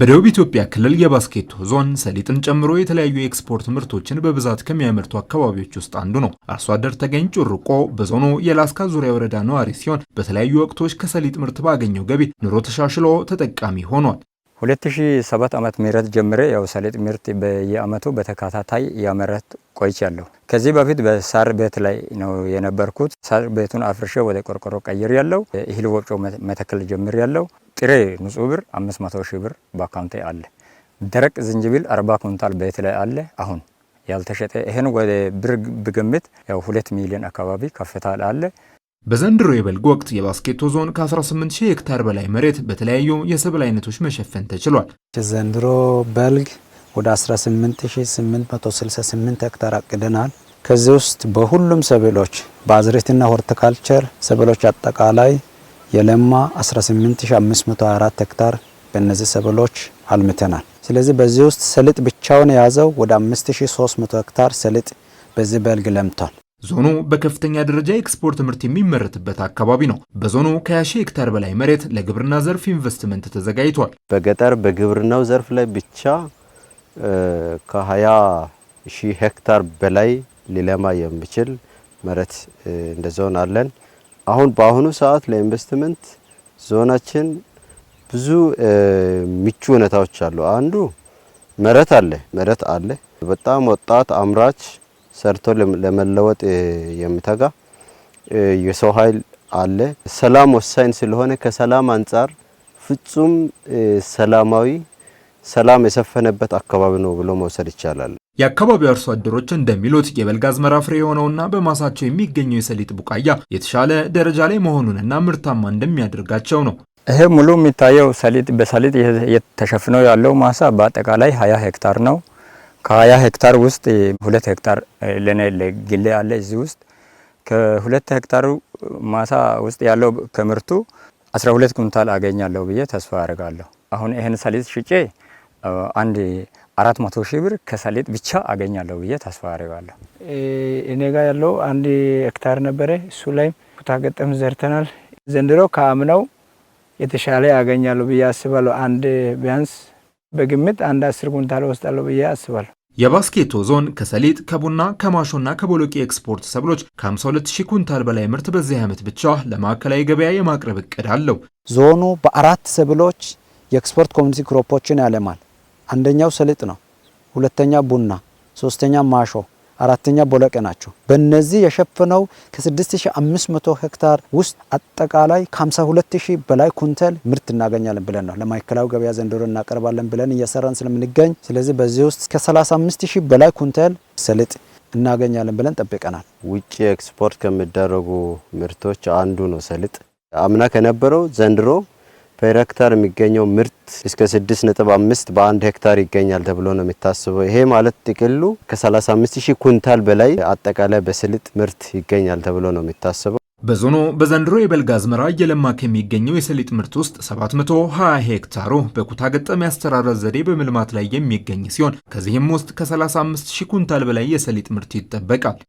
በደቡብ ኢትዮጵያ ክልል የባስኬቶ ዞን ሰሊጥን ጨምሮ የተለያዩ የኤክስፖርት ምርቶችን በብዛት ከሚያመርቱ አካባቢዎች ውስጥ አንዱ ነው። አርሶ አደር ተገኝ ጩርቆ በዞኑ የላስካ ዙሪያ ወረዳ ነዋሪ ሲሆን በተለያዩ ወቅቶች ከሰሊጥ ምርት ባገኘው ገቢ ኑሮ ተሻሽሎ ተጠቃሚ ሆኗል። 2007 ዓመት ምህረት ጀምሬ ያው ሰሊጥ ምርት በየአመቱ በተከታታይ ያመረት ቆይቻለሁ። ከዚህ በፊት በሳር ቤት ላይ ነው የነበርኩት። ሳር ቤቱን አፍርሼ ወደ ቆርቆሮ ቀይር ያለው እህል ወፍጮ መተከል ጀምር ያለው ጥሬ ንጹህ ብር 500 ሺህ ብር በአካውንቴ አለ። ደረቅ ዝንጅብል 40 ኩንታል ቤት ላይ አለ። አሁን ያልተሸጠ ይህን ወደ ብር ብግምት ያው ሁለት ሚሊዮን አካባቢ ከፍታል አለ በዘንድሮ የበልግ ወቅት የባስኬቶ ዞን ከ18 ሺህ ሄክታር በላይ መሬት በተለያዩ የሰብል አይነቶች መሸፈን ተችሏል። ዘንድሮ በልግ ወደ 18868 ሄክታር አቅደናል። ከዚህ ውስጥ በሁሉም ሰብሎች በአዝሬትና ሆርቲካልቸር ሰብሎች አጠቃላይ የለማ 18524 ሄክታር በእነዚህ ሰብሎች አልምተናል። ስለዚህ በዚህ ውስጥ ሰሊጥ ብቻውን የያዘው ወደ 5300 ሄክታር ሰሊጥ በዚህ በልግ ለምቷል። ዞኑ በከፍተኛ ደረጃ የኤክስፖርት ምርት የሚመረትበት አካባቢ ነው። በዞኑ ከ20 ሺህ ሄክታር በላይ መሬት ለግብርና ዘርፍ ኢንቨስትመንት ተዘጋጅቷል። በገጠር በግብርናው ዘርፍ ላይ ብቻ ከ20 ሺህ ሄክታር በላይ ሊለማ የሚችል መሬት እንደ ዞን አለን። አሁን በአሁኑ ሰዓት ለኢንቨስትመንት ዞናችን ብዙ ምቹ ሁኔታዎች አሉ። አንዱ መሬት አለ መሬት አለ በጣም ወጣት አምራች ሰርቶ ለመለወጥ የሚተጋ የሰው ኃይል አለ። ሰላም ወሳኝ ስለሆነ ከሰላም አንጻር ፍጹም ሰላማዊ ሰላም የሰፈነበት አካባቢ ነው ብሎ መውሰድ ይቻላል። የአካባቢው አርሶ አደሮች እንደሚሉት የበልግ አዝመራ ፍሬ የሆነውና በማሳቸው የሚገኘው የሰሊጥ ቡቃያ የተሻለ ደረጃ ላይ መሆኑንና ምርታማ እንደሚያደርጋቸው ነው። ይሄ ሙሉ የሚታየው ሰሊጥ በሰሊጥ ተሸፍነው ያለው ማሳ በአጠቃላይ 20 ሄክታር ነው። ከሀያ ሄክታር ውስጥ ሁለት ሄክታር ለኔ ለግሌ አለ። እዚህ ውስጥ ከሁለት ሄክታሩ ማሳ ውስጥ ያለው ከምርቱ 12 ኩንታል አገኛለሁ ብዬ ተስፋ አደርጋለሁ። አሁን ይህን ሰሊጥ ሽጬ አንድ አራት መቶ ሺህ ብር ከሰሊጥ ብቻ አገኛለሁ ብዬ ተስፋ አደርጋለሁ። እኔ ጋር ያለው አንድ ሄክታር ነበረ። እሱ ላይም ኩታገጠም ዘርተናል። ዘንድሮ ከአምናው የተሻለ አገኛለሁ ብዬ አስባለሁ። አንድ ቢያንስ በግምት አንድ አስር ኩንታል ወስዳለሁ ብዬ አስባለሁ። የባስኬቶ ዞን ከሰሊጥ ከቡና ከማሾና ከቦሎቄ ኤክስፖርት ሰብሎች ከ52 ሺህ ኩንታል በላይ ምርት በዚህ ዓመት ብቻ ለማዕከላዊ ገበያ የማቅረብ እቅድ አለው። ዞኑ በአራት ሰብሎች የኤክስፖርት ኮሚኒቲ ክሮፖችን ያለማል። አንደኛው ሰሊጥ ነው፣ ሁለተኛ ቡና፣ ሶስተኛ ማሾ አራተኛ ቦለቄ ናቸው። በእነዚህ የሸፈነው ከ6500 ሄክታር ውስጥ አጠቃላይ ከ52000 በላይ ኩንተል ምርት እናገኛለን ብለን ነው ለማዕከላዊ ገበያ ዘንድሮ እናቀርባለን ብለን እየሰራን ስለምንገኝ፣ ስለዚህ በዚህ ውስጥ ከ35000 በላይ ኩንተል ሰሊጥ እናገኛለን ብለን ጠብቀናል። ውጭ ኤክስፖርት ከሚደረጉ ምርቶች አንዱ ነው ሰሊጥ። አምና ከነበረው ዘንድሮ ፐር የሚገኘው ምርት እስከ 6.5 በአንድ ሄክታር ይገኛል ተብሎ ነው የሚታስበው። ይሄ ማለት ጥቅሉ ከ35000 ኩንታል በላይ አጠቃላይ በስልጥ ምርት ይገኛል ተብሎ ነው የሚታስበው። በዞኑ በዘንድሮ የበልግ አዝመራ እየለማ ከሚገኘው የሰሊጥ ምርት ውስጥ 720 ሄክታሩ በኩታ ገጠም የአስተራረስ ዘዴ በመልማት ላይ የሚገኝ ሲሆን ከዚህም ውስጥ ከ35000 ኩንታል በላይ የሰሊጥ ምርት ይጠበቃል።